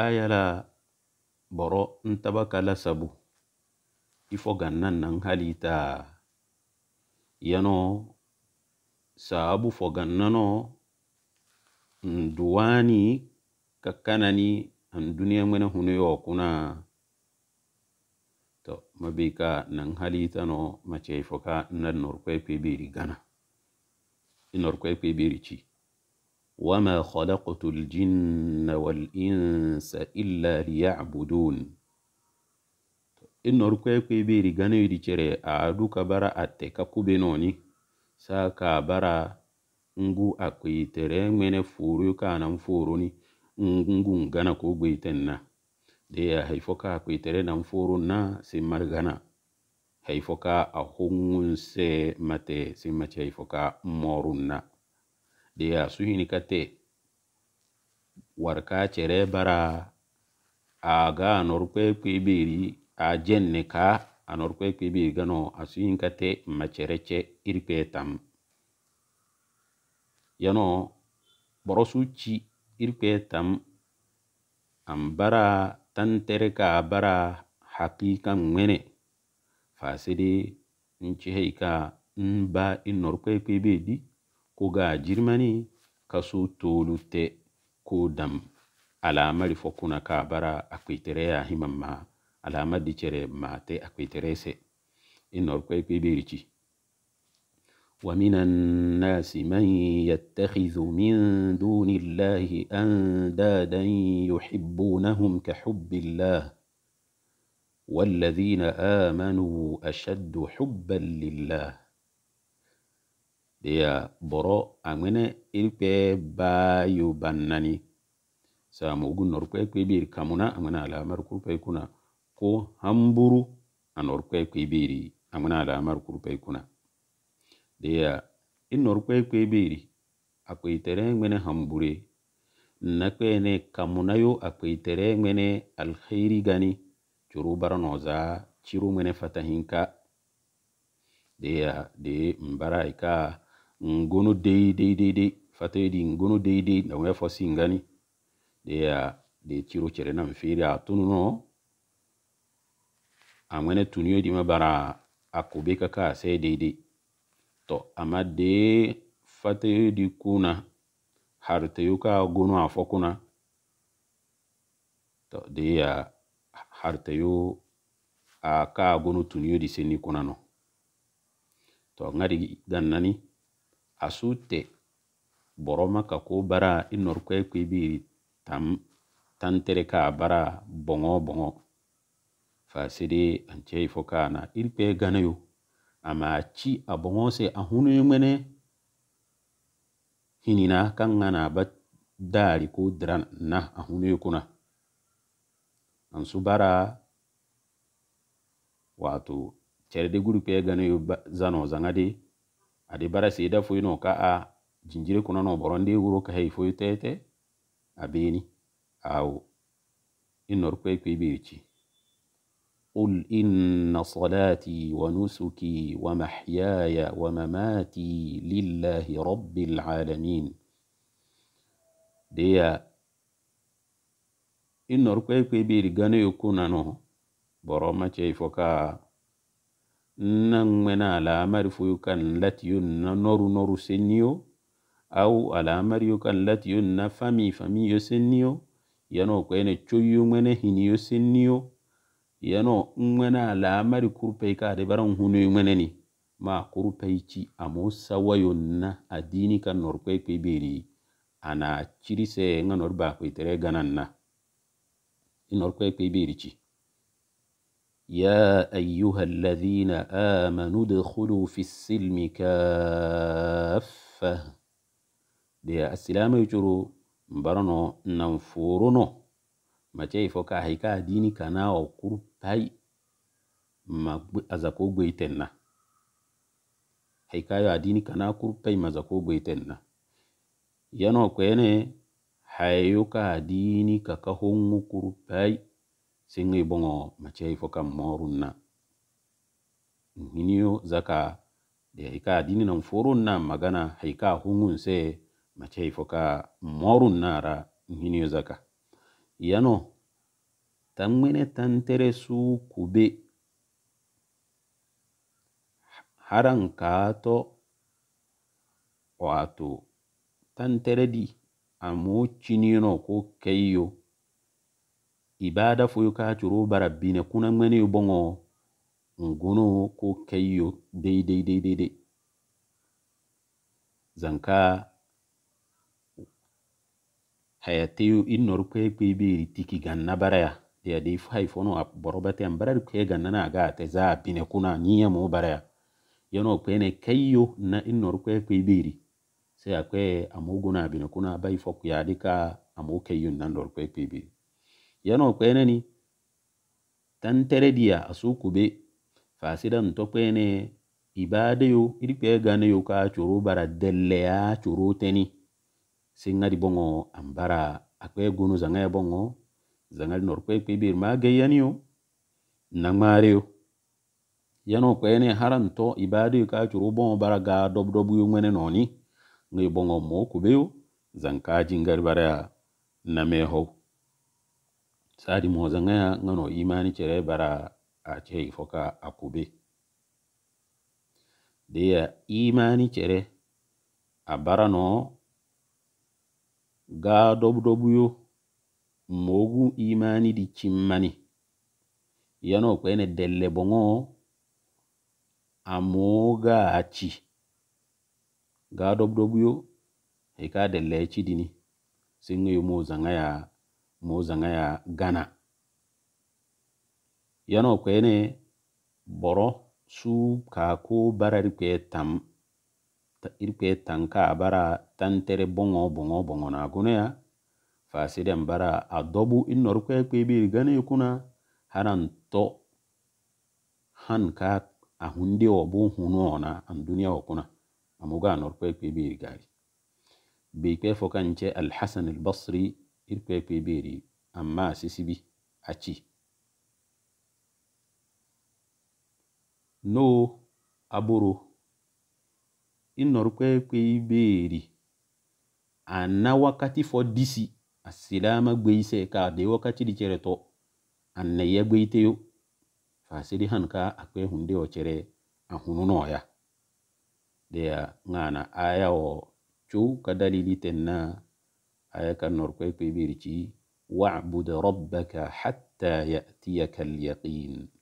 aya la bɔrɔ n-taba ka la sabu ifɔ ganna nan hali ta yanɔ saabu fɔ ganna nɔ nduwaani ka kanani an duniya ŋmɛnɛ hunu yɔ kuna tɔ mabe ka nan hali ta nɔ macɛ fɔ ka na nɔrikɔɛ kpɛ beeri gana i nɔrikɔɛ kpɛ beeri ci وما خلقت الجن والإنس إلا ليعبدون inor kwe kwe beri gano yidi chere a duka bara a ka kube noni sa ka bara ngu akwe tere mene furu ka na mfuru ni ngu ngana ko gwe tenna de ya haifo ka akwe tere na mfuru na simar gana haifo ka a hungun se mate simace haifo ka morun de a suhini kate warka cere bara a ga a norkwe kwibiri a jenne ka a norkwe kwibiri gano a suhini kate macerece irkwe tam yano boro suci irkwe tam an bara tantere ka bara hakikan ŋwene fasidi n cihei ka n ba i norkwe kwibiri di ko ga jirmani kaso tolu te ko dam alamari fo ka bara akwitere ya himan ma alama di cere ma te akwitere se inor kwe kwe birici ومن الناس من يتخذ من دون الله اندادا يحبونهم كحب الله والذين آمنوا أشد حبا لله deya boro aŋene irikpe bayu banani samogu norkpekpebir kamuna aŋene alamar kurpai kuna ko hamburu anorkpekpebiri aŋene alamar kurpai kuna deya i norkpekpebiri akpeitere ŋene hambure nakpene kamunayo akpeitere ŋene alhairi gani curu baranoza ciru ŋene fatahinka deya de mbara ika ngono deidei deidei fatayidi ngono deidei dawe fo singani deya de ciro cere nam feri a tunu no amwene tunio di mabara akobe kaka se deidei to ama de fatayidi kuna hartayu ka gono afo kuna to deya hartayu a ka gono tunio di seni kuna no to ngari dan nani a sute boromaka ko bara i norkwe kwibi tam tantere ka bara bongo bongo fasidi anche ifoka na ilpe ganayo ama chi a bongo se a hunu yumene hinina kanga na bat dali ko dran na a hunu yukuna ansu bara wato chere de gurupe ganayo zano zangadi adi bara seeda foyi no ka a jinjiri kuna no borondi de wuro ka hei foyi tete a abeni aw inor kwe kwe bici قل إن صلاتي ونسكي ومحياي ومماتي لله رب العالمين ديا إن ركوي كبير غني يكون نو برما تشي فكا nangmena alamari fu yukan latiyo na noru noru senio au alamari yukan latiyo na fami fami yo senio yano kwene choyu mwene hini yo senio yano mwena alamari kurpai ka adibara mhunu yu mwene ni ma ci a musa wayo na adini ka norkwe kwebiri ana chiri se nga norba kwe tere gana na inorkwe kwebiri ci. يا ايها الذين امنوا ادخلوا في السلم كافه دي السلام يجرو مبرنو ننفورنو ما تيفو هيكا ديني كانا وكرو ما ازاكو بيتنا ديني adini كرباي ما mazako gweitenna yano kwene hayo ka adini kakahongu kurpai singi bongo machai foka morunna hiniyo zaka de hika dini nan forunna magana hika hungun se machai foka na ra hiniyo zaka yano tangmene tantere su kube haran kato wato tantere di amu cinino ko ibada foyu ka curu barabbine kuna ŋmene yu boŋo nguno ko keyyo deidedeidede zanka hayateyu i nor kwekwe biri tiki ganna baraya deyade ifo hayifono a borobate an barari kwe gannana aga ate za bine kuna niyamo baraya yano kwene keyyo na i nor kwekwe biri se akwe amo guna bine kuna bayifo kuyadika amo keyyo na nor kwekwe biri yano kweneni tanteredia asukube fasidan to kwene ibadayo gane yo ka coro bara ya coro teni di bongo ambara akwe gunu zangaya bongo zangali norkwe kwibir ma geyaniyo yo yano kwene haranto yo ka coro bongo bara ga yo ngwene noni ngayo bongo mo yo zanka ngari bara namehow sadi ya ngano imani chere bara ache ifoka akube deya imani chere bara no ga dobdobuyo mogu imani di cimmani yano kwene delle bongo amoga aci ga dobdobuyo heka delle cidini singa yo ya mozaŋa gana yano kwene boro su kaku bara rikwe tam irikwe tanka bara tantere bongo bongo bongo na gune ya fasiren bara adobu inor kwe kwe biri kuna haran to a hunde wa obu hunu ona an duniya okuna amuga anor kwe kwe biri gari bi kwe fokanche al-Hasan il pepeɓeri amma sisibi aci no aboro inori kpekpei beeri anna wakkati fo disi asilama gbeise ka de wakkati di cere to anna ya gbeiteyo fasidi han ka akpe hunde o cere ahununoya deya ngana aya o cow ka dalili ten na آياك النوركويك بيبيرتي واعبد ربك حتى يأتيك اليقين